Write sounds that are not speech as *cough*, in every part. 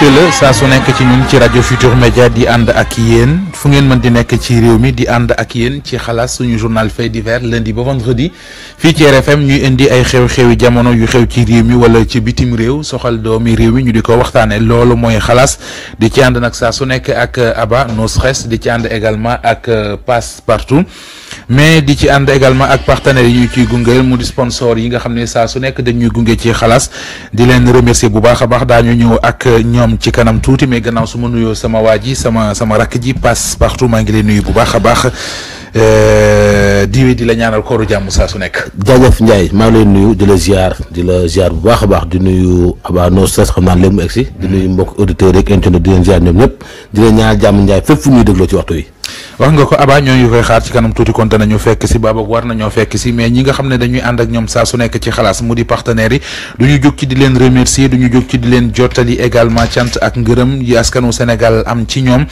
mbégte la saa su nekk ci ñun ci rajo Futur Média di ànd ak yéen fu ngeen mën di nekk ci réew mi di ànd ak yéen ci xalaas suñu journal fait divers lundi ba vendredi fii ci RFM ñuy indi ay xew-xewi jamono yu xew ci réew mi wala ci bitim réew soxal doomi réew mi ñu di ko waxtaanee loolu mooy xalaas di ci ànd nag saa su nekk ak Aba No Stress di ci ànd également ak euh, Passe Partout. mais di ci ànd également ak partenaires yi ñu ciy gungeel mu di sponsor yi nga xam ne saa su nekk dañuy gunge ci xalaas di leen remercier bu baax a baax daañu ñëw ak ñoom ci kanam tuuti mais gannaaw su ma nuyoo sama waa ji sama sama rakk ji passe partout maa ngi leen nuyu bu baax a baax euh, diwe di la ñaanal kooru jàmm saa su nekk. jaajëf Ndiaye maa ngi lay nuyu di la ziar di la ziar bu baax a di nuyu Aba No Stress xam naa léegi mu egg di nuyu mbokk auditeurs yeeg internet di leen ziar ñoom ñëpp di leen ñaanal jàmm Ndiaye fépp fu ñuy dégloo ci waxtu yi. wax nga ko Aba ñooñu koy xaar ci kanam tuuti konte ñu fekk si baabak war nañoo fekk si mais ñi nga xam ne dañuy ànd ak ñoom saa su nekk ci xalaas mu di partenaires yi du ñu jóg ci di leen remercier du ñu jóg ci di leen jottali également cant ak ngërëm yi askanu Sénégal am ci ñoom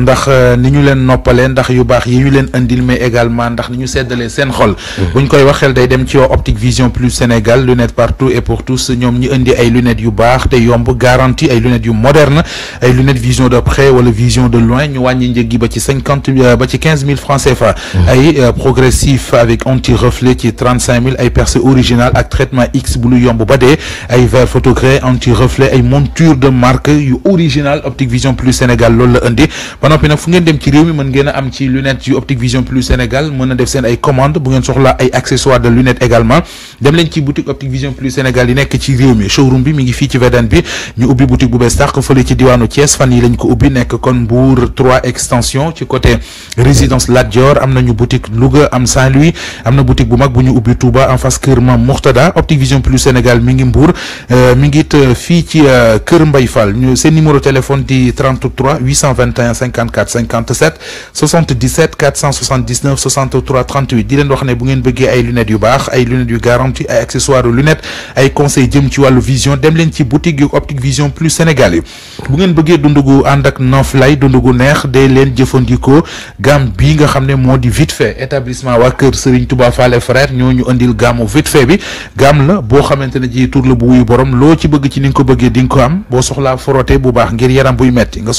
ndax euh, ni ñu leen noppalee ndax yu baax yi ñu leen indil mais également ndax ni ñu seddalee seen xol mm-hmm. buñ koy wax day dem ci yow Optique Vision Plus Sénégal lunettes partout et pour tous ñoom ñi indi ay lunettes yu baax te yomb garantie ay lunettes yu moderne ay lunettes vision de près wala vision de loin ñu wàññi njëg gi ba ci cinquante euh, ba ci quinze mille francs CFA mm-hmm. ay euh, progressif avec anti reflet ci trente cinq mille ay percé original ak traitement X bu lu yomb ba dee ay verre photogré anti reflet ay monture de marque yu original Optique Vision Sénégal loolu la indi ba nag fu ngeen dem ci réew mi mën ngeen a am ci lunette yu Optic Vision Plus Sénégal mën na def seen ay commande bu ngeen soxla ay accessoires de lunettes également dem leen ci boutique Optic Vision Plus Sénégal yi nekk ci réew mi showroom bi mi ngi fii ci Védane bi ñu ubbi boutique bu bees tàq fële ci diwaanu Thiès fan yi lañ ko ubbi nekk kon Mbour 3 extension ci côté résidence Lat Dior am nañu boutique Louga am Saint-Louis am na boutique bu mag bu ñu ubbi Touba en face kër Mam Mourtada Optic Vision Plus Sénégal mi ngi Mbour euh, mi ngi it euh, fii ci euh, kër Mbaye Fall ñu seen numéro téléphone di 33 821 54 57 77 479 63 38 di leen wax ne bu ngeen bëggee ay lunettes yu baax ay lunettes yu garantie ay accessoires lunettes ay conseils jëm ci wàllu vision dem leen ci boutique yu Optique Vision Plus Sénégal yi bu ngeen bëggee dund gu ànd ak noof lay gu neex day leen jëfandikoo gamme bii nga xam ne moo di vite fait établissement waa kër Serigne Touba Fall frère ñoo ñu indil gamme vite fait bi gamme la boo xamante ne ji tur la bu wuyu borom loo ci bëgg ci ni nga ko bëggee di nga ko am boo soxlaa bu baax ngir yaram buy metti nga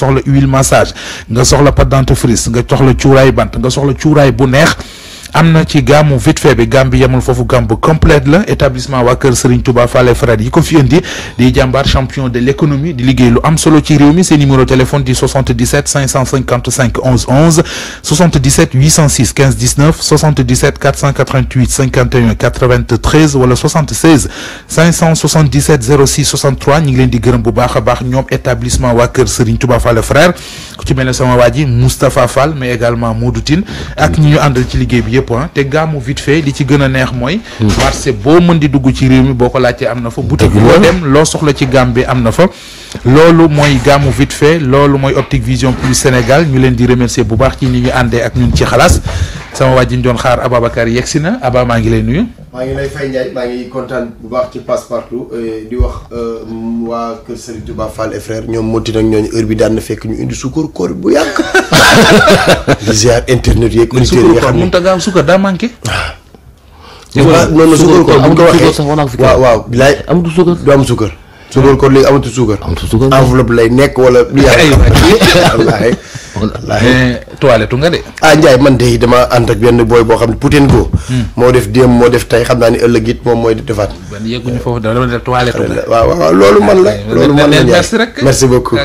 nga soxla pâte dentifrice nga soxla cuuraay bant nga soxla cuuraay bu neex am na ci gàmmu vite fait bi gàmm bi yemul foofu gàmm bu complète la établissement waa kër Serigne Touba Fallé yi ko fi indi di jàmbaar champion de l'économie di liggéey lu am solo ci réew mi seen numéro téléphone di 77 555 11 11 77 806 15 19 77 488 51 93 wala 76 577 06 63 ñu leen di gërëm bu baax a baax ñoom établissement waa kër Serigne Touba ku ci mel sama waa ji Moustapha Fall mais également Modou ak ñi ñu àndal ci liggéey bi yëpp points te gàmmu vite fait li ci gën a neex mooy. marché boo mën di dugg ci réew mi boo ko laajtee am na fa. boutique boo dem loo soxla ci gàmm bi am na fa. loolu mooy gàmmu vite loolu mooy Optique Vision Plus Sénégal ñu leen di remercier bu baax ci ni ñu àndee ak ñu ñun ci xalaas sama waa ji doon xaar Ababacar yegsi na Aba maa ngi lay nuyu. maa ngi lay fay Ndiaye maa ngi kontaan bu baax ci passe partout euh, di wax euh, waa Kër Serigne Touba Fall et ñoom moti nag ñooñu heure bi daan na fekk ñu indi sukkur koor bu yàgg. *laughs* di ziar internet yeeg. auditeurs yi nga xam ne mënut a gaaw sukkur daa manqué. waaw. Ah. non non sukkur am du waxee waaw waaw bilaay du am sukkur. su doon kon léegi amatu suukar. amatu suukar enveloppe lay nekk wala. li *laughs* yàlla *laughs* mais toilette nga de. ah Ndiaye man de dama ànd ak benn booy boo xam ne Poutine go. Hmm. moo def démb moo def tey xam naa ne ëllëg it moom mooy defaat. ban yegguñu merci rek. merci beaucoup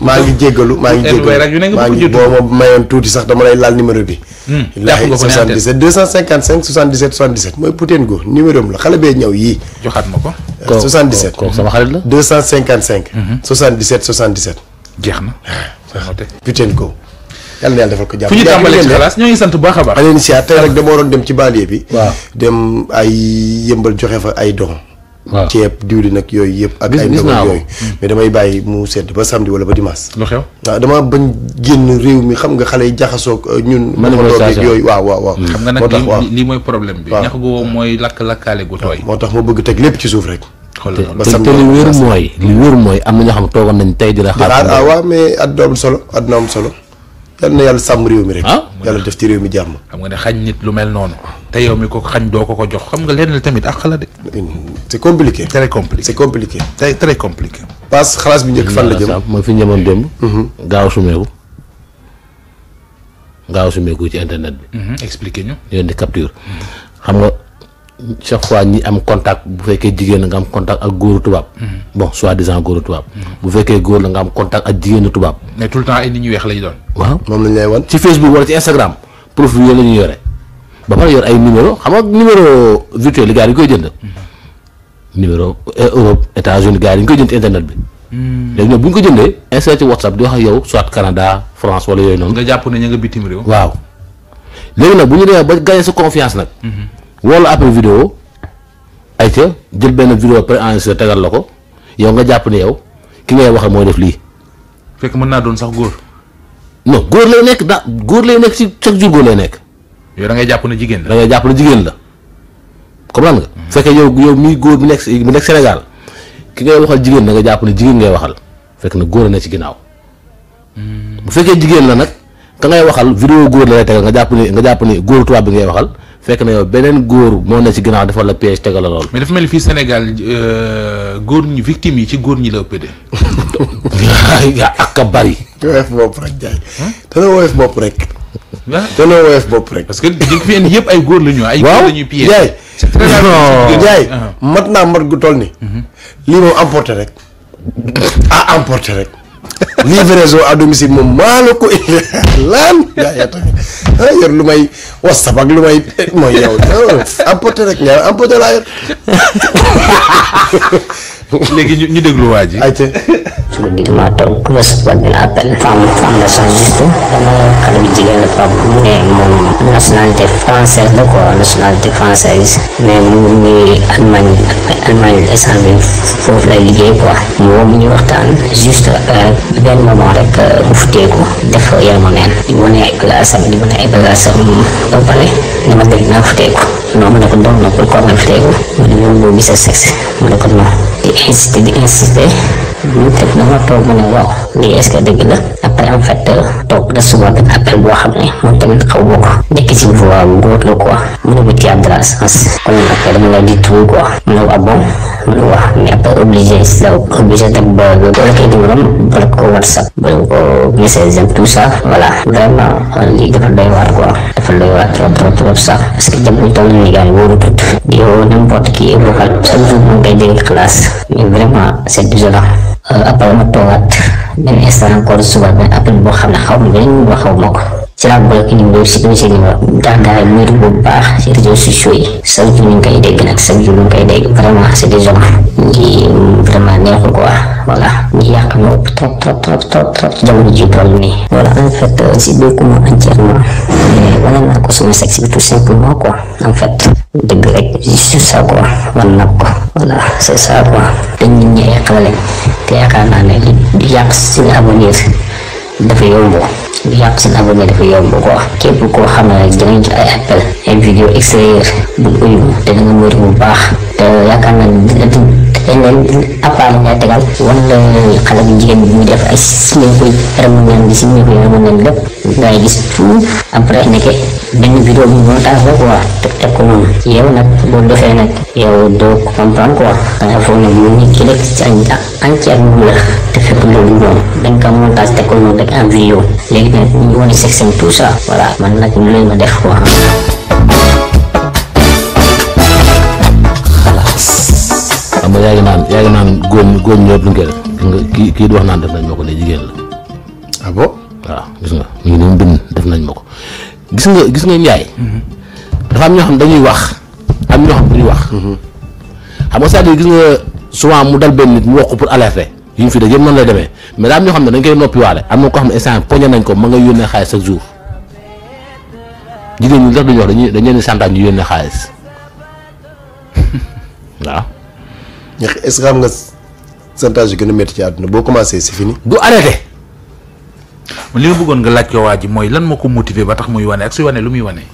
maa ngi jéggalu maa ngi jéggalu maa ngi boo ma mayoon tuuti sax dama lay laal numéro bi. Hmm, jàpp nga ko 77 255 77 77 mooy Poutine go numéro la xale bee ñëw yii. joxaat ma ko. 77 euh, kooku sama xarit la 255. 77 77. jeex na. putain ko. yàlla na yàlla defal ko jàpp fu ñu tàmbalee ci xalaas ñoo sant bu baax a baax. aleen si tey rek dama waroon dem ci banlieue bi. waaw dem ay yëmbal joxe fa ay don waaw ceeb diwlin ak yooyu yëpp. ak ay ndogal yooyu. Mm. mais damay bàyyi mu sedd ba samedi wala ba dimanche. lu xew waaw damaa bañ génn réew mi xam nga xale yi jaxasoo euh, ñun. man yooyu waaw waaw waaw. xam nga nag lii mooy problème bi. waaw ñax gu wow mooy lakk lakkaale gu tooy. moo tax ma bëgg teg lépp ci suuf rek. te te li wér mooy li wér mooy am na ñoo xam toogoon nañ tey di la xaar ah, mais àdduna am solo àdduna am solo yal na yàlla sàmm réew mi rek ah? yàlla def ci réew mi jàmm xam nga ne xañ nit lu mel noonu te yow mi ko xañ doo ko ko jox xam nga lenn tamit ak xala de mm, c'est compliqué très compliqué c'est compliqué très très compliqué parce xalaas bi njëkk fan la jëm mooy fi ñëmoon démb mm-hmm. gaaw sumeeku gaaw sumeeku ci internet bi mm-hmm. expliqué ñu yónni capture xam nga chaque fois ñi am contact bu fekkee jigéen la nga am contact ak góoru tubaab. Mm-hmm. bon soi-disant góoru tubaab. Mm-hmm. bu fekkee góor la nga am contact ak jigéenu tubaab. mais tout le temps ay nit ñu weex lañu doon. waaw moom lañ lay ñu yore ba pare yor ay numéro xam nga numéro virtuel yi gars yi koy jënd. Mm-hmm. numéro eh, Europe États-Unis gars yi ñu koy jënd internet bi. léegi bu ñu ko jëndee installé ci WhatsApp di wax ak yow soit Canada France wala yooyu noonu. nga jàpp ne ña nga bitim réew. waaw léegi nag bu ñu demee ba gagné sa confiance nag. woolu appel vidéo ay ca jël benn vidéo pré-enregistré tegal la ko yow nga jàpp ne yow ki ngay waxal moo def lii. fekk mën naa doon sax góor. non góor lay nekk da góor lay nekk ci chaque jour góor lay nekk. yow dangay jàpp ne jigéen la da ngay jàpp jigéen la comprendre nga. Mm-hmm. fekkee yow yow miy góor bi nekk bi nekk Sénégal ki ngay waxal jigéen da nga jàpp ne jigéen ngay waxal fekk na góor a ne ci ginnaaw mm-hmm. bu fekkee jigéen la nag ka ngay waxal vidéo góor la lay tegal nga jàpp ne nga jàpp ne góor tubaab ngay waxal. fekk na yow beneen góor moo ne ci ginnaaw dafa la piège tegal la lool. mais dafa mel fii Sénégal euh, góor ñi victime yi ci góor ñi la ëpp de. *laughs* ak a bari. te bopp rek jaay te la woyof bopp rek. parce que dañ yëpp ay góor la ñu. ay la ñuy piège jaay. c'est très ah. mat naa mat gu toll ni mhm. lii moom emporté rek. ah emporté rek. livraison à domicile moom maa la ko indi lan. gaa yaa tax ah yor lu may whatsapp ak lu may eh, mooy yow ah, emporté rek nga emporté laa yor. *laughs* léegi ñu déglu waa ji. ayca. suba digg maa toog ku ma soxla benn appel. femme femme la sax juste. dama xale bu jigéen la Pape mu ne moom nationalité française la quoi nationalité française. mais mu ngi Allemagne Allemagne instant bi foofu lay liggéey quoi. mu ñu waxtaan. juste euh, benn moment rek euh, mu futteeku. def yaramu neen. di wane ay bagages am di wane ay bagages am ba pare dama dégg naa futteeku. non ma ne ko doon na pourquoi ma futteeku. ma ne moom moo sexe ma ne di insister di insister ñu teg na ma toog ma ne waaw lii est la après en euh, toog recevoir benn appel boo xam ne moom tamit xaw ma ko nekk ci voie góor la quoi mu ne ma Thia Drass kon nag après dama la di tuuti quoi mu ne ah bon mu ne waaw ah, mais après obligé si la obligé dem ba wala kay numéro wala ko whatsapp wala ko message am tout ça voilà vraiment lii dafa doy waar quoi dafa doy waar trop trop trop sax parce que jamono toll nii gars yi wóorutut yow n'importe qui vocal chaque jour mu ngi koy dégg classe mais vraiment c'est désolant Euh, après ma toogaat benn instant encore suba benn appel boo xam ne xaw ma benn xaw Sirac Boy ki ñu ngi sécuriser li nga tax si réseaux sociaux yi chaque jour ñu ngi koy dégg nag chaque jour ñu ngi koy dégg vraiment c'est des hommes ñi vraiment neexul quoi voilà ñi yàq na ëpp trop trop trop ko suma sexe bi ko voilà dañ nit ñi ay xale lañ te yaakaar naa ne li yàq seen avenir dafa yomb yàq seen abonné dafa yomb quoi képp koo xam ne rek ay appel ay vidéo extérieur bu uyub te da nga wër bu baax te yaakaar naa ne dañ leen appareil ngay tegal wan la xale bu jigéen bi def ay simeeku remonaan bi simeeku remonaan lépp ngay gis tout après nekk benn vidéo bi montage la quoi teg ko moom yow nag boo defee nag yow doo comprendre quoi danga foog ne mu nit ki rek sa entière moom la te fekk loolu moom dañ ko montage teg ko moom rek en vidéo léegi nag ñu wane section tout ça voilà man nag loolu ma def quoi ba yaa ngi naan yaa ngi naan góor ñi góor kii wax naan def nañ ma ko ne jigéen la. ah bon waaw gis nga ñu ngi bind def nañ ma ko gis nga gis nga Ndiaye. dafa am ñoo xam dañuy wax am ñoo xam dañuy wax. xam nga c'est-à-dire gis nga souvent mu dal benn nit mu wax ko pour alerter yu ñu fi def yëpp noonu lay demee mais daa am ñoo xam ne dañ koy noppiwaale am na koo xam ne instant poñe nañ ko ma nga yónnee xaalis chaque jour jigéen ñi ndax duñu dañuy dañ leen di santaan ñu yónnee xaalis *laughs* waaw. ñax est-ce xam nga chantage yu gën a métti ci àdduna boo commencé c'est fini. du arrêté. li ma bëggoon nga laaj ko waa ji mooy lan moo ko motiver ba tax muy wane ak suy wane lu muy wanee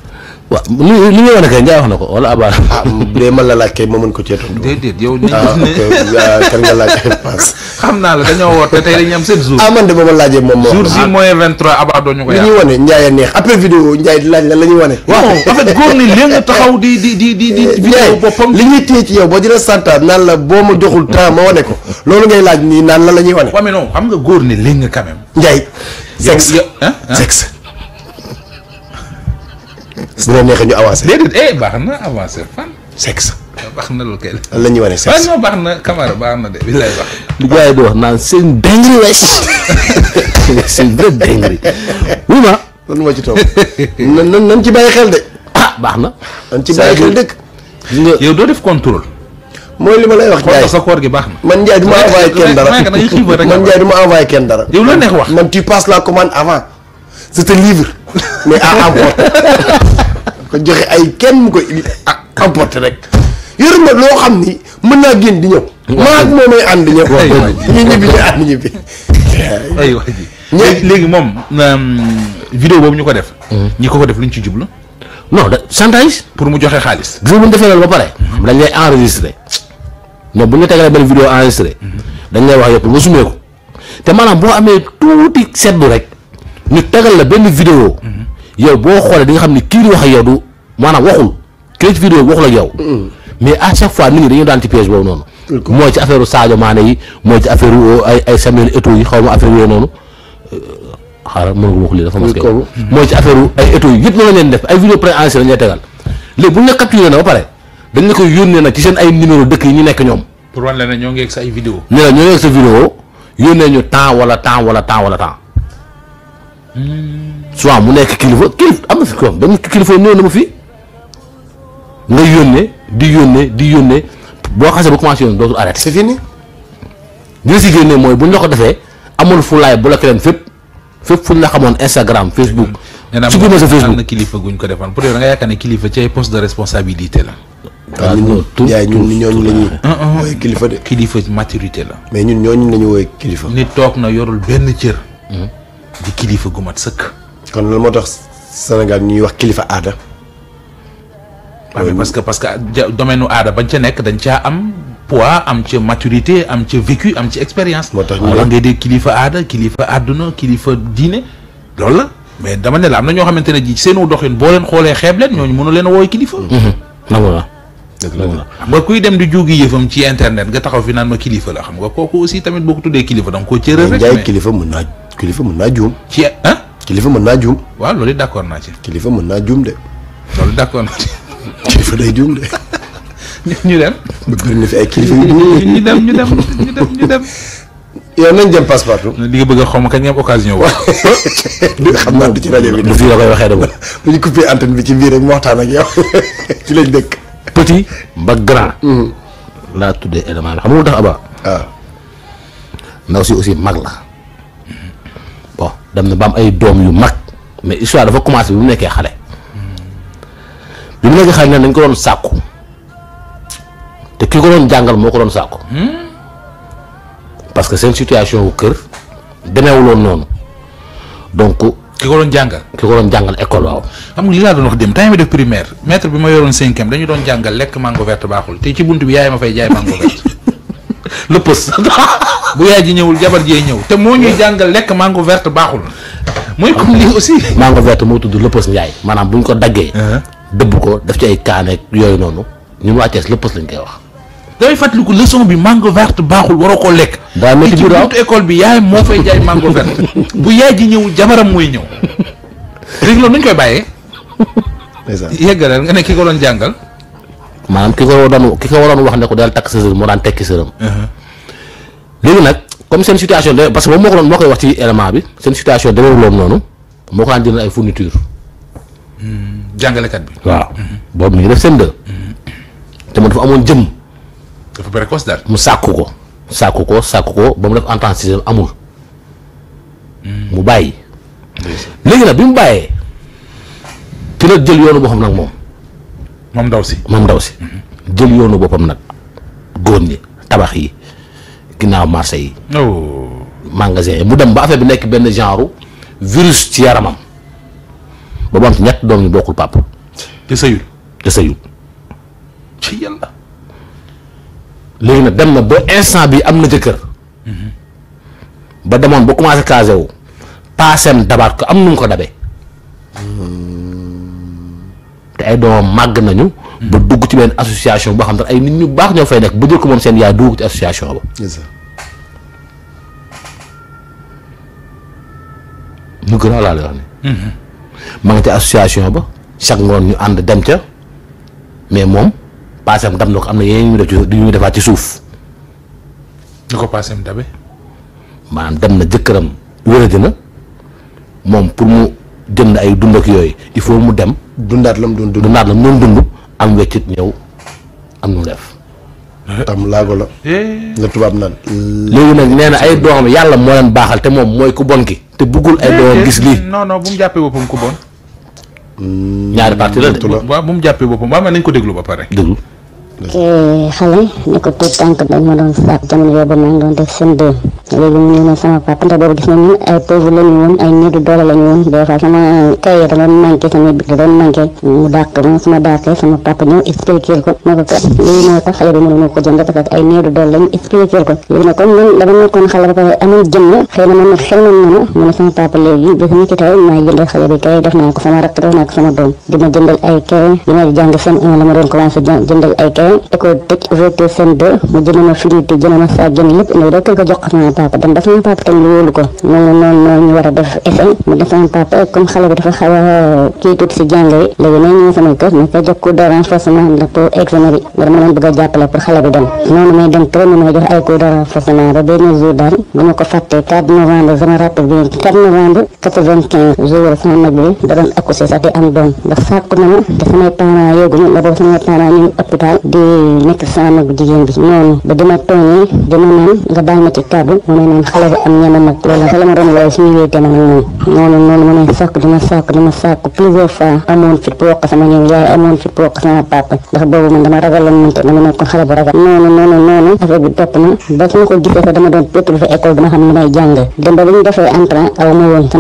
waaw li li wax na ko wala Aba. ah bu dee man la laaj kay ma mën ko cee tontu. déedéet yow ñu gis ah, ne ah, kan nga xam naa la dañoo woote tey dañuy am sept jours. ah laajee moom moo. jour si mooy 23 Aba doon ñu ko yàq. li ñuy wane Ndiaye neex après vidéo Ndiaye laaj la la ñuy wane. waaw en fait góor ni *laughs* li ñuy téye ci yow boo jëlee santaat naan la boo ma joxul temps ma wane ko loolu ngay laaj nii naan la la ñuy wane. waaw mais non xam nga góor ni léegi quand même. Ndiaye. sexe sexe su la neexee ñu avancé. déedéet eh baax na avancé fan. sexe. baax na loolu kay la. lan la ñuy wane sexe waaw non baax na Camara baax na de billaay baax. li gars yi di wax naan c'est une dinguerie wees. *laughs* c'est une vraie dinguerie. wuy ma. lan moo ci toog nan nan nan ci bàyyi xel de. ah baax na. nan ci bàyyi xel dëkk. yow doo def contrôle. mooy li ma lay wax Ndiaye sa koor gi baax na. man Ndiaye du ma envoyé kenn dara man Ndiaye du ma envoyé kenn dara. yow la neex wax man tu passes la commande avant. c'est un livre mais à emporter *laughs* ay kenn mu koy à emporter rek yor ma loo xam ni mën naa génn di ñëw. maa ak moom ay ànd ñëw. *laughs* ñu ñibbi ay wax ji léegi moom. vidéo boobu ñu ko def. Hmm. ñi ko ko def lu ñu jublu. non da chantage. pour mu joxe xaalis. gis nga defee la ba pare. Hmm. dañ lay enregistré. non bu ñu tegalee benn vidéo enregistré. Hmm. dañ lay wax yëpp nga sumee ko te maanaam boo amee tuuti seddu rek. ñu tegal la benn vidéo yow boo xoolee di nga xam ne kii di wax ak yow du maanaam waxul kii ci vidéo waxul ak yow mm. mais à chaque fois nit ñi dañu daan ci piège boobu noonu mooy ci affaire Sadio Mané yi mooy ci affaire euh, ay ay Samuel Eto'o yi xaw ma yooyu noonu euh, xaaral mën nga wax lii ci affaire ay Eto'o yi yëpp ay vidéo préenregistré lañ lay tegal léegi dañ la koy yónnee nag ci seen ay numéro dëkk yi ñu nekk ñoom pour wan la ne ñoo ngi ak sa ay vidéo ne ñoo ngi ak sa vidéo yónnee ñu temps wala temps wala temps wala temps soit mu nekk kilifa kilifa am na fi kilifa néew na ma fii di yónnee di yónnee boo xasee ba commencé si génnee mooy buñ la ko defee amul fu laay bloqué leen fépp fépp fuñ la xamoon Instagram Facebook. supprimé sa Facebook kilifa ko defoon peut-être kilifa ci ay poste de la. Ah, waaw ñun yaay ñun kilifa de. kilifa maturité la. mais ñun ñooñu la ñuy wooye kilifa. ni toog na yorul benn cër. Hmm. kilifa gu mat sëkk. kon loolu moo tax Sénégal ñuy wax kilifa aada. Ah, parce que parce que domaine aada bañ ca nekk dañ caa am poids am ca maturité am ca vécu am ci expérience. moo tax ñu ngay dégg kilifa aada kilifa àdduna kilifa diine loolu la. mais dama ne la am na ñoo xamante ne ji seenu doxin boo leen xoolee xeeb leen ñooñu mënu leen wooy kilifa. nangu mm-hmm. la dëgg la xam nga kuy dem di juugi yëfam ci internet nga taxaw fi naan ma kilifa la xam nga kooku aussi tamit boo ko tuddee kilifa da nga kilifa mën naa kilifa mën naa juum. ci ah. kilifa mën naa juum. waaw loolu d' naa ci. kilifa mën naa juum de. loolu *laughs* ñu dem. bëgg na fi ay kilifa *laughs* ñu dem ñu dem ñu dem dem. yow nañ jëm passe li nga bëgg a xaw ma kañ nga am occasion wax. *laughs* xam naa du ci rajo bi. du fii la koy waxee dama. bu ñu coupé antenne bi ci biir rek mu waxtaan ak yow ci lañ dëkk. petit ba mm-hmm. laa tuddee élément la xam tax Aba. waaw ah. ndaw aussi mag la. dem na ba am ay doom yu mag mais histoire dafa commencé bi mu nekkee xale. bi mu nekkee xale ne dañ ko doon sàkku te ki ko doon jàngal moo ko doon sàkku. parce que seen situation wu kër demeewuloon noonu donc. ki ko doon jàngal ki ko doon jàngal école waaw. xam nga li laa doon wax dem temps def primaire maître bi ma yoroon cinquième dañu doon jàngal lekk mango vert baaxul te ci bunt bi yaay ma fay jaay mango verte. *laughs* le pës *laughs* bu yaay ji ñëwul jabar jee ñëw te moo ñuy jàngal lekk mango vert baaxul mooy comme lii aussi mango vert moo tudd le pës njaay maanaam bu ñu ko daggee uh-huh. dëbb ko daf ci ay kaaneek yooyu noonu ñun waa Thiès le pës lañ koy wax damay fàttaliku leçon bi mango verte baaxul waroo koo lekk daa métti ci école bi yaay moo fay jaay mango verte *laughs* bu yaay ji ñëwul jabaram mooy ñëw *laughs* léegi loolu nuñ koy bàyyee yeggaleel nga nekk ki ko doon jàngal maanaam ki ko doon ki ko waroon wax ne ko daal takk sa sër moo daan tekki sëram. Uh-huh. léegi nag comme seen situation de parce que moom moo ko doon moo koy wax ci élément bi seen situation demeewuloon noonu moo ko daan jënd ay fourniture. Hmm, jàngalekat bi. waaw uh-huh. boobu mi ngi def uh-huh. amoon jëm. dafa précoce mu sàkku ko sàkku ko sàkk ko ba mu def entente si amul. Hmm. mu bàyyi. léegi nag bi mu bàyyee. ki la jël yoonu boo xam nag moom. moom ndaw si moom ndaw si mhm. jël yoonu boppam nag góor ñi tabax yi ginnaaw marché yi oh. magasin yi mu dem ba affaire bi nekk benn genre virus ci yaramam ba am ci ñett doom ñu bokkul pàpp te sëyul te sëyul ci léegi nag dem na ba instant bi am na jëkkër mhm. ba demoon ba commencé casé wu paasem dabaat ko am nu mu ko dabe hmm. te ay doomam màgg nañu. ba dugg ci benn association boo xam ne ay nit ñu baax ñoo fay nekk ba jël ko moom seen yaay dugg ci association ba. ñu gën a laal wax ne. ma association ba chaque ngoon ñu ànd dem ca mais moom paasam dam na ko am na yeneen ñu def ci ñu defaat ci suuf. ñu ko paasam dabe. maanaam dem na jëkkëram wéradina moom pour mu. jënd ay dund yooyu il faut mu dem. dundaat la mu doon dund dundaat la mu dund am weccit ñëw am nu def. tam eh. léegi nag nee na ay doomam yàlla moo leen baaxal te moom mooy ku bon ki. te buggul ay doomam eh, eh. gis lii non non bu mu jàppee boppam ku bon. ñaari parti la de. waaw bu mu jàppee boppam waaw man nañ ko déglu ba pare. déglu. Eh, xale ko tout tànk dañ ma doon sàkk jamono yooyu ba maa ngi doon def seen dënn léegi mu ñëw ne sama papa ndax boobu gis na ñun ay pauvre lañu woon ay néew du ñëw expliquer ko ma ko ko jënd ko léegi nag comme xel na ma mu ne sama papa léegi bés ñu ci tey maa jëndal xale bi cahier def naa ko sama rakk def naa ko sama doom jëndal ay cahier dina jàng seen la ma doon commencé jëndal ay cahier tey da koo tëj VT seen 2 mu jënd ma frite jënd ma saa jënd lépp léegi rek ko jox sama papa dem daf sama papa tamit wóolu ko noonu noonu noonu ñu war a def essai mu def sama papa comme xale bi dafa xaw a kii tuuti si jàng yi léegi nee ñëw sama kër ma koy jox cours de renforcement ndax pour examen bi nga dama leen bëgg a jàppale pour xale bi dem noonu may dem trop ma jox ay cours de renforcement ba benn jour daal bu ma ko fàttee 4 novembre sama rappel bi 4 novembre 95 jour sama mag bi da doon accouché sax di am doom ndax sàkku na ma te samay parents yëguñu la boobu samay parents ñu ngi hôpital di nekk sama mag jigéen bi noonu ba dama tooñee dama naan nga baal ma ci kàddu mu ne naan xale bi am ñama mag loolu nag la ma doon waaye suñu wéyte man noonu noonu noonu mu ne sàkk dama sàkk dama sàkk plusieurs fois amoon fit boo ko sama papa ndax boobu man dama ragaloon man te dama nekkoon xale bu ragal noonu noonu noonu sama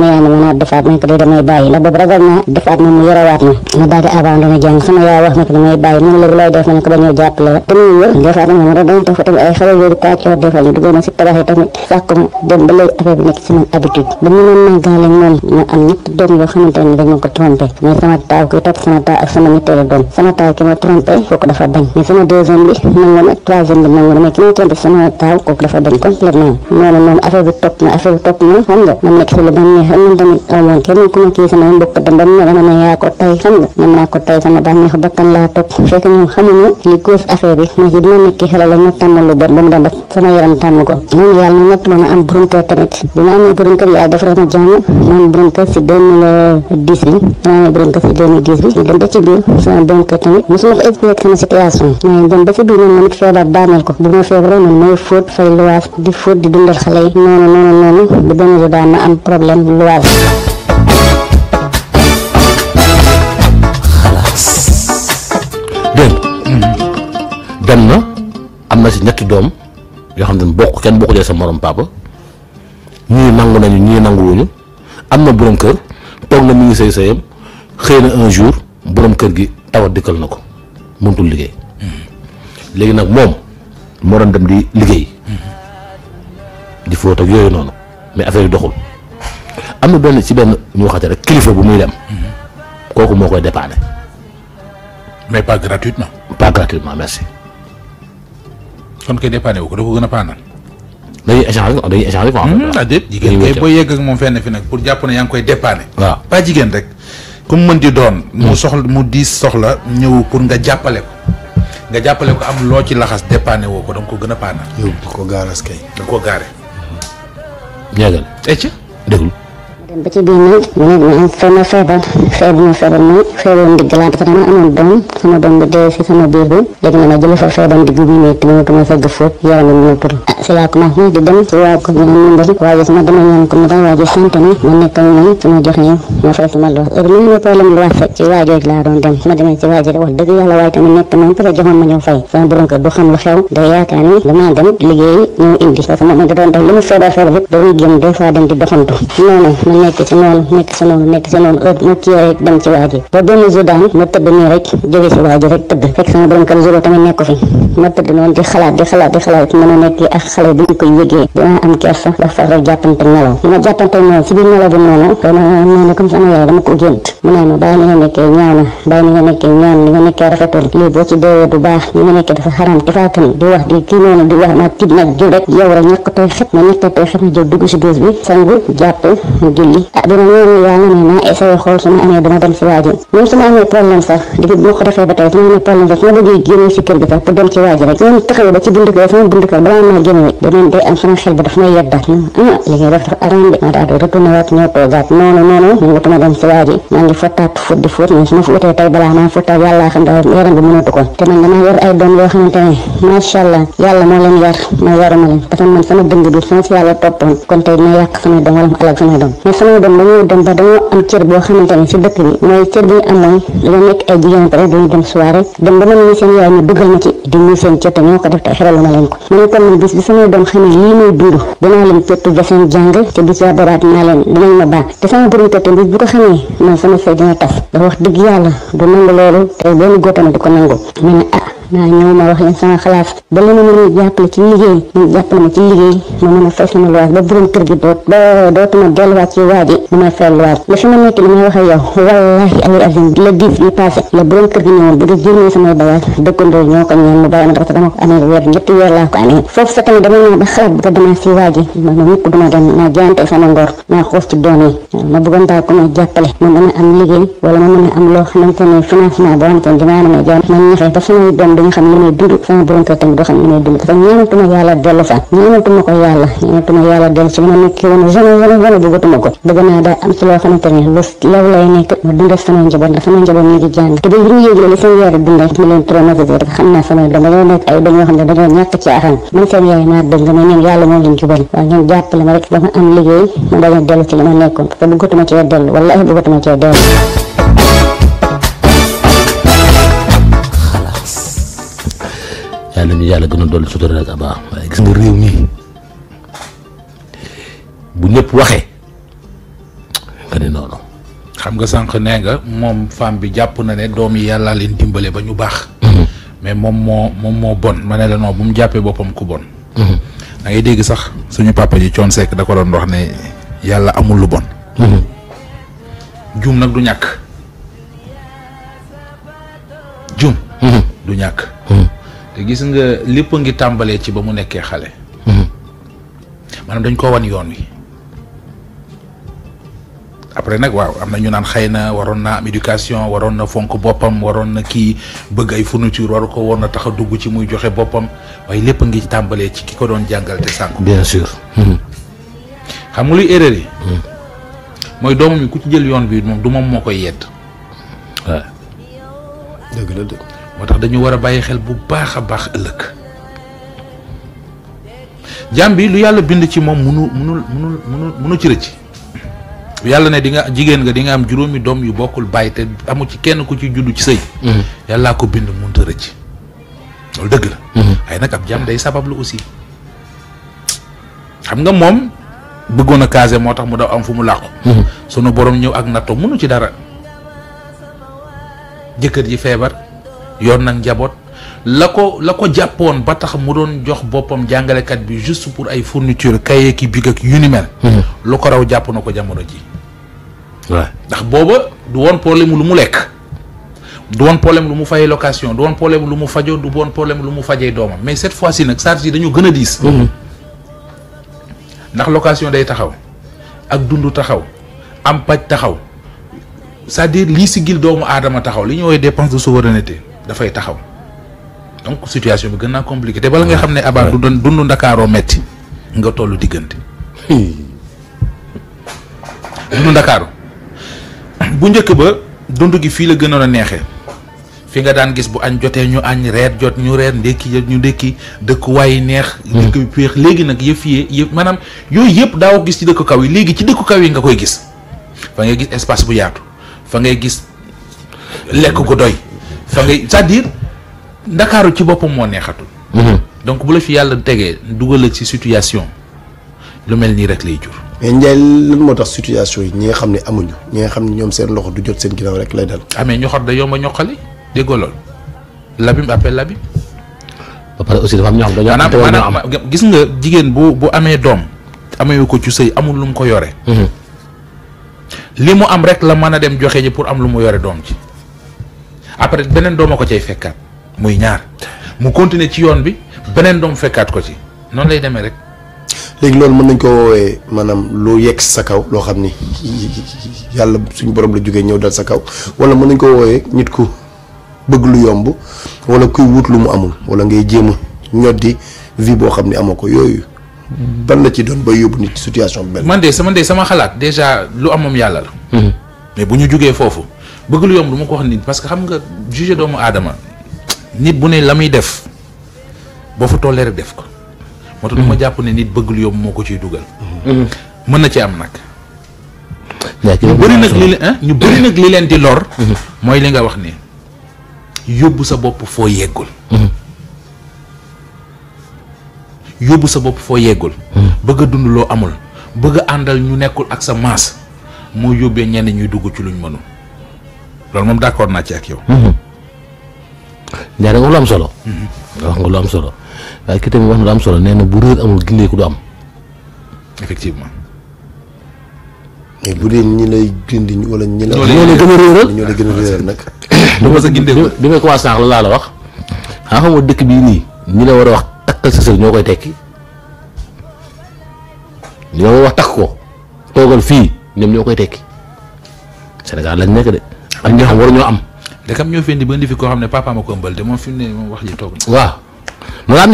yaay ne defaat ma ko dee damay bàyyi ndax boobu ragal naa defaat na mu yorawaat ma ma daal di abandonné jàng sama yaay wax ma damay bàyyi noonu la lay def ma ne ko ñoo jàppale te muy wër des fois da nga mën a dañ def tamit ay xale yooyu kàccoo des fois ñu dugg na si tabax yi tamit sàkku dem ba léegi affaire bi nekk si man habitude ba mu noon màggaale moom ñu am ñetti doom yoo xamante ne dañu ko trompé mais sama taaw ki topp sama taaw ak sama ñetteelu doom sama taaw ki ma trompé kooku dafa bañ mais sama deuxième bi nangu na troisième bi nangu na mais ki ma trompé sama taaw kooku dafa bañ complètement nee na moom affaire bi topp na affaire bi topp na xam nga man nekk si lu bañ neex man tamit amoon kenn ku ma kii sama mbokk dem ba mu ne dama ne yaa ko tay xam nga man naa ko tay sama bànneexu bakkan laa topp fekk ñoom xamuñu ñu kuus affaire bi ma ji dina métti xelal la ma tàmbal lu bon ba mu def sama yaram tàmm ko noonu yàlla na natt ma am borom kër tamit bi ma amee borom kër yàlla def dem na am na si ñetti doom yoo xam ne bokk kenn bokku jël sa morom papa ñii nangu nañu ñii nanguwuñu am na borom kër toog na mu ngi sëy sëyam xëy na un jour boroom kër gi tawat dikkal na ko mëntul liggéey mm-hmm. léegi nag moom moo dem di liggéey mm-hmm. di fóot ak yooyu noonu mais affaire yi doxul am na benn ci benn ñu waxate rek kilifa bu muy dem mm-hmm. kooku moo koy dépanner mais pas gratuitement pas gratuitement merci kon koy dépanné wu ko dafa gën a paanal. dañuy boo moom fi nag pour jàpp ne yaa koy dépanné. waaw pas jigéen rek. ku mu mën di doon. mu hmm. soxla mu diis soxla ñëw pour jàppale nga jàppale ko am loo ci laxas dépanné woo ko da nga ko gën a paanal. yow da koo gaaraas koo gaare. ñaagal. et dem ba ci biir nag mu ne ma sama feebar feebar ma feebar mooy feebar ndigg laa dafa dama amoon doom sama doom bi dee si sama biir bi léegi nag ma jële fa feebar ndigg bi metti mënatuma sëgg fóot yaram bi mu tur ah si laa commencé di dem si waa ko ñu ne numbari waaye sama dama ñaan ko mu daal waaye sant na ma nekkal moom su ma joxee ma fay sama loos heure mu ne problème lu wax ci waajooj laa doon dem su ma demee ci waajooj wax dëgg yàlla waaye tamit nekk moom parce que joxoon ma ñëw fay sama borom kër du xam lu xew day yaakaar ni damaa dem liggéey ñëw indi parce que moom da doon def lu mu feebar feebar yëpp dañuy jëm des fois dem di doxantu nekk ci noonu nekk ci noonu nekk ci noonu heure mu kii rek dem nekk a ci noonu di wax naa tiit nag jóg rek yow rek tooy xet ma ñàkk tooy xet ma jóg dugg si duus bi sangu jàpp julli julli ah doon loolu yaa ngi ne naa essayé xool su ma amee dama dem si waa ji même su ma amee problème sax depuis bu ma ko defee ba tey su sama dëng bi sama si toppoon kon tey dina yàq samay doom wala mu alag samay doom fa ñu dem dañoo dem ba dañoo am cër boo xamante ne ci dëkk bi mooy cër bi ñu am mooy dañoo nekk ay jigéen pare dañu dem soirée dem ba man lii muy dund dinaa leen cëtt da seen jàng te bis ba boobaat naa leen dinañ ma baax te sama borom kër te bis bu ko xamee man sama sëy dina tas dafa wax dëgg yàlla du nangu loolu te loolu góor tamit di ko nangu ma ne ah naa ñëw ma wax leen sama xalaat ba li ma mën a jàppale ci liggéey ñu jàppale ma ci liggéey ma mën a fay sama luwaas ba borom kër gi doot ba dootuma delluwaat ci waa ji di may fay luwaas la fi ma nekk li may wax ak yow wallahi alil azim le sa tamit dama ñëw ba xalaat bu ko demee si waa ji ma ma yi a a a doom dañu xam li may dund sama borom kër tamit doo xam li may dund dafa ñaanatuma yàlla dellu fa ñaanatuma ko yàlla ñaanatuma yàlla dellu si li ma nekk woon jamais jamais jamais bëggatuma ko bëgg naa ne dañoo ñàkk ci man seen yaay naa dëgg ma ñoom yàlla moo leen jubal waaw ñoom jàppale ma rek ba ma am liggéey ma bañ a dellu ci li ma nekkoon parce que bëggatuma cee dellu wallahi bëggatuma cee dellu yàlla ñu yàlla gën a dolli sutura ak abaa waaye gis nga réew mi bu ñëpp waxee noonu. xam nga sanq nee nga moom femme bi jàpp na ne doom yi yàlla leen dimbale ba ñu baax. Mhm. mais moom moo moom moo bon ma ne la non bu mu jàppee boppam ku bon. Mhm. da ngay dégg sax suñu papa ji coon sekk da ko doon wax ne yàlla amul lu bon. Mhm. juum nag du ñàkk. juum. du ñàkk. gis nga lépp a ngi tàmbalee ci ba mu nekkee xale. Mhm. maanaam dañ koo wan yoon wi. après nag waaw am na ñu naan xëy na waroon na am éducation waroon na fonk boppam waroon na kii bëgg ay fourniture waru ko woon na tax a dugg ci muy joxe boppam waaye lépp ngi tàmbalee ci ki ko doon jàngal te sànk. bien sûr. Mhm. xam nga luy erreur mhm. mooy doomam yi ku ci jël yoon bi moom du moom moo koy yedd. moo tax dañu war a bàyyi xel bu baax a baax ëllëg jaam bi lu yàlla bind ci moom munu munul munul munul munu ci rëcc yàlla ne di nga jigéen nga di nga am juróomi doom yu bokkul bàyyi te amu ci kenn ku ci juddu ci sëy mhm. yàllaa ko bind munta rëcc loolu dëgg la mhm. waaye nag ab jaam day sabablu aussi xam nga moom bëggoon a casé moo tax mu daw am fu mu làqu mhm. sunu borom ñëw ak natto munu ci dara jëkkër ji feebar yoon nag njaboot la ko la ko jàppoon ba tax mu doon jox boppam jàngalekat bi juste pour ay fourniture kaye ki big ak yu ni mel. Mhm. lu ko raw jàpp na ko jamono ji. waaw ndax booba du woon problème lu mu lekk. du woon problème lu mu fayee location du woon problème lu mu fajoo du woon problème lu mu fajee doomam mais cette fois ci nag charge yi dañu gën a diis. Mhm. ndax location day taxaw ak dundu taxaw am paj taxaw c'est-à-dire lii siggil doomu aadama taxaw li ñuy woowee dépense de souveraineté. dafay taxaw donc situation bi gën naa compliqué te bala nga xam ne abaa du doon dundu ndakaaroo metti nga tollu diggante *laughs* dundu ndakaaru bu njëkk ba dund gi fii la gënoon a neexee fi nga daan gis bu añ jotee ñu añ reer jot ñu reer ndékki jot ñu ndékki dëkkuwaay yi neex hmm. dëkk bi léegi nag yëpp yi yëpp maanaam yooyu yëpp daaw gis ci dëkk kaw yi léegi ci dëkku kaw yi nga koy gis fa ngay gis espace bu yaatu fa ngay gis lekk gu doy fa ngay cest à ndakaaru ci boppam moo neexatul. Mhm. donc bu la fi yàlla tegee dugal ci situation lu mel nii rek lay jur. mais Ndiaye lan moo tax situation yi ñi nga xam ne amuñu ñi nga xam ne ñoom seen loxo du jot seen ginnaaw rek lay dal. amee ah, ñoxor da yomb a ñoqali déggoo lool labim appel labim. ba pare aussi dafa am ñoo xam dañoo am maanaam maanaam gis nga jigéen bu bu amee doom. amee ko ci sëy amul lu mu ko yore. Mhm. li mu am rek la mën a dem joxe ji pour am lu mu yore doom ci après beneen doom ko cay fekkaat muy ñaar mu continuer ci yoon bi beneen doom fekkaat ko ci noonu lay demee rek. léegi loolu mën nañ koo woowee maanaam lu yegg sa kaw loo xam ni yàlla suñu borom la jógee ñëw dal sa kaw wala mën nañ koo woowee nit ku bëgg lu yomb wala kuy wut lu mu amul wala ngay jéem a ñoddi vie boo xam ni amoo ko yooyu ban la ci doon ba yóbbu nit situation bi. man dee sama de sama xalaat déjà lu amoon yàlla la. Mm-hmm. mais bu ñu jugee foofu. bëgg lu yomb du ma ko wax nit parce que xam nga juge doomu aadama nit bu ne la muy def boo fa tollee def ko. moo tax ma jàpp ne nit bëggul lu yomb moo ko ciy dugal. Mhm. mën na ci am nag. ñu bëri nag li ah, ñu bëri nag li leen di lor. Mhm. mooy li nga wax ni yóbbu sa bopp foo yeggul. Mhm. yóbbu sa bopp foo yeggul. bëgg dund loo amul bëgg àndal ñu nekkul ak sa maas moo yóbbee ñenn ñuy dugg ci luñ mënul. loolu moom d'accord naa ci ak yow. Mhm. nga wax lu am solo. Mhm. wax nga lu am solo waaye ki wax na lu am solo nee na bu réer amul gindeeku du am. effectivement. bu dee ñi la. ñoo lay gën ñoo lay gën a réeral nag. *coughs* du ma sànq la laa la wax xam nga dëkk bii nii ñi la war a wax takkal sa sër koy tekki ñi wax takk ko toogal fii ñoom ñoo koy tekki Sénégal lañ nekk de. ak ñoo xam waruñoo am. da kam ñoo fi xam ne papa ma ko ëmbal te moom fi mu ne moom wax ji toog na. am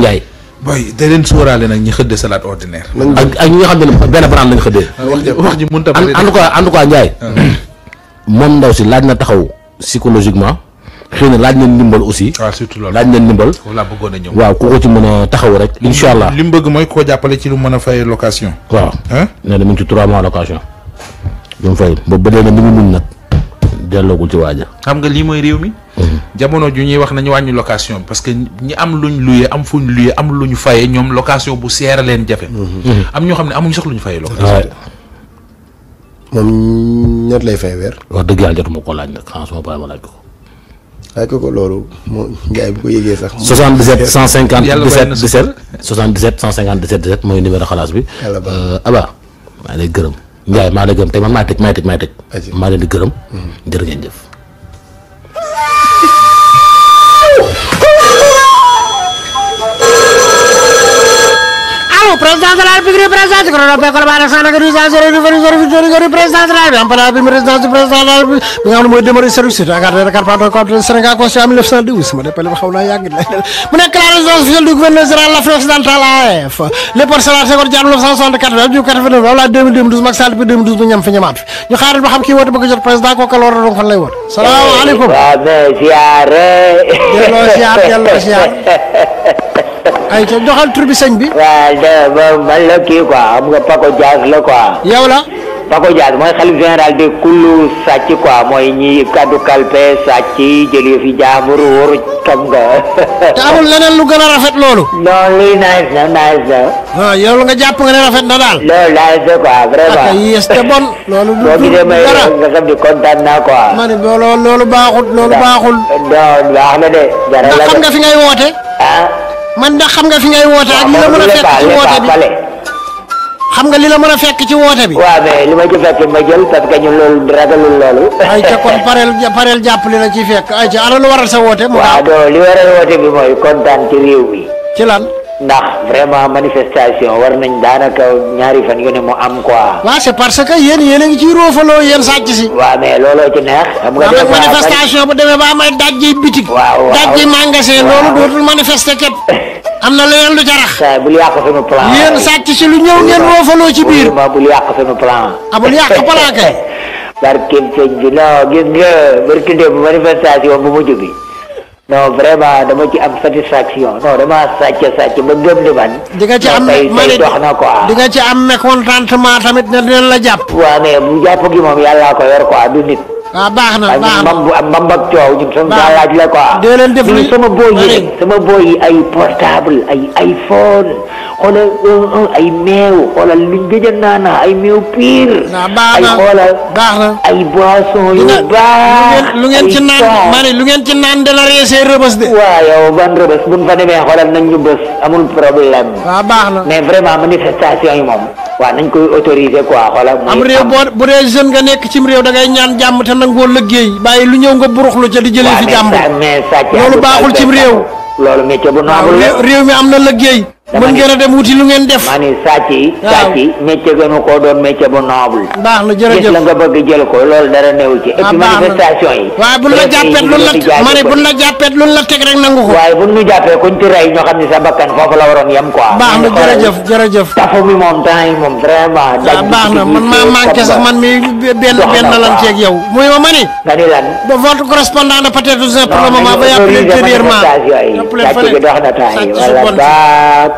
njaay. boy da leen sóoraale nag ñi xëdde salade ordinaire. ak ak ñi nga xam ne benn brand lañ xëddee. Ah, wax ji wax ji a bëri en njaay. Ah. moom ndaw si laaj na taxaw psychologiquement. xëy na laaj nañ ndimbal aussi. waaw ah, surtout loolu laaj nañ ndimbal. wala bëggoon a ñëw waaw ku ko ci mën a taxaw rek. incha allah mu bëgg mooy koo jàppale ci lu mën a fay location. waaw. nee na mu ngi ci 3 location. lu fay boobu ba léegi nag muñ nag ku ci waaja xam nga lii mooy réew mi. Mhm. jamono ju ñuy wax nañu wàññi location bi parce que ñi am luñ luye am fuñ luye am luñu fayee ñoom location bu seer leen jafe. Mhm. Mhm. am ñoo xam ne amuñ sax luñu fayee. location moom ñaata lay fay weer. wax dëgg yàlla jotuma ko laaj nag xanaa sama pare ma laaj ko. laaj ko ko loolu moo gars bu ko yëgee sax. 77 150 17 17 77 157 17 mooy numéro xalaas bi. yàlla euh, ba Aba maa ngi lay gërëm. Ndiaye maa la gërëm tey man maa tëj maa tëj maa tëj. maa leen *laughs* président de la République représenté ci kuréel bi Colobane ak di saa sori di fële di sori di président de la République am palaas bi mu résidence du président de la République bi nga xam ne mooy démarrer service la résidence officielle du gouverneur général l' Afrique occidentale AF lépp par Sénégal Senghor Dia 1964 ak 1989 xam kii woote ba ko jot président kooku la war a doon fan lay woote. salaamaaleykum. waaw mais ziare. delloo ziar ay ca joxal tur bi sëñ bi. waaw de man la kii quoi xam nga Paco Diaz la quoi. yow la. Paco Diaz mooy xalif général de kullu sàcc quoi mooy ñi kaddu kalpe sàcc jëlee fi jaamur waru xam nga. *laughs* te amul leneen lu gën a rafet loolu. non luy nice na nice na. waaw ah, yow nga jàpp nga ne rafet na daal. loolu nice na a vraiment. a yes te bon. loolu du boo gisee may nga xam ni kontaan naa quoi. ma ne loolu baaxul loolu baaxul. non baax na de. nga fi ngay woote. Ah? man ndax xam nga fi ngay woote ak li la mën a fekk ci woote bi xam nga li la mën fekk ci woote bi. waaw mais li ma ci fekk ma jël parce que ñun loolu ragalul loolu. ay ca kon *laughs* pareel pareel jàpp li la ciy fekk ay ca ana lu waral sa woote. mu waaw li waral woote bi mooy kontaan ci réew mi. ci lan. ndax vraiment manifestation war nañ daanaka ñaari fan yu ne am quoi. waaw c'est parce que yéen yéen a ngi ciy roofaloo yéen sàcc si. waaw mais looloo ci neex. xam nga des manifestation bu demee ba am ay dajji bitik. waaw waaw dajji magasin loolu dootul manifester képp. *laughs* am na leneen lu jarax. waaw bul yàq suñu plan. yéen sàcc si lu ñëw ngeen roofaloo ci biir. bul yàq suñu plan. ah bul yàq plan kay. *laughs* barke sëñ bi non gis nga barke dem bu mujj bi. non vraiment dama ci am satisfaction non dama sàcc sàcc ba gëm ni man. di nga ci am ma ne dox na quoi. di nga ci am mécontentement tamit ne dina la jàpp. waaw mais bu jàpp gi moom yàllaa ko yor quoi du nit. waaw ah, baax na baax na ak coow ñun sax daa laaj la quoi. dee leen def nii sama boy yi sama boy yi ay portable ay iPhone xoolal ay meew xoolal luñ gëj a naana ay meew pire. Ah, na ay xoolal baax yu baax. lu ngeen ci naan ngeen ci naan de la reesee rëbës de. waaw yow ban rëbës buñ fa demee xoolal nañ ñu bës amul problème. waaw ah, baax na mais vraiment manifestation yi moom. waaw nañ koy autoriser quoi xoola am réew boo bu dee jeune nga nekk cim réew da ngay ñaan jàmm te nangoo liggéey bàyyi lu ñëw nga buruxlu ca di jëlee fi jàmm loolu baaxul cim réew loolu métier bu noble réew mi am na liggéey mën ngeen a dem wuti lu ngeen def. ma ni sàcc yi. waaw sàcc yi métier gënu koo doon métier bu noble. baax na jërëjëf loolu dara néew ci. Ah, et yi. waaye buñ la jàppee luñ la ma ne buñ la jàppee luñ la teg rek nangu ko. waaye ñoo xam ne sa bakkan foofu la waroon yem quoi. baax na jërëjëf jërëjëf. tafu mi moom temps yi moom vraiment. Ah, baax na man maa manqué man mi benn benn lan ceeg yow. muy ma ma nga ni lan. votre correspondant de peut-être pour le moment ba yàpp ultérieurement. dox na temps yi wala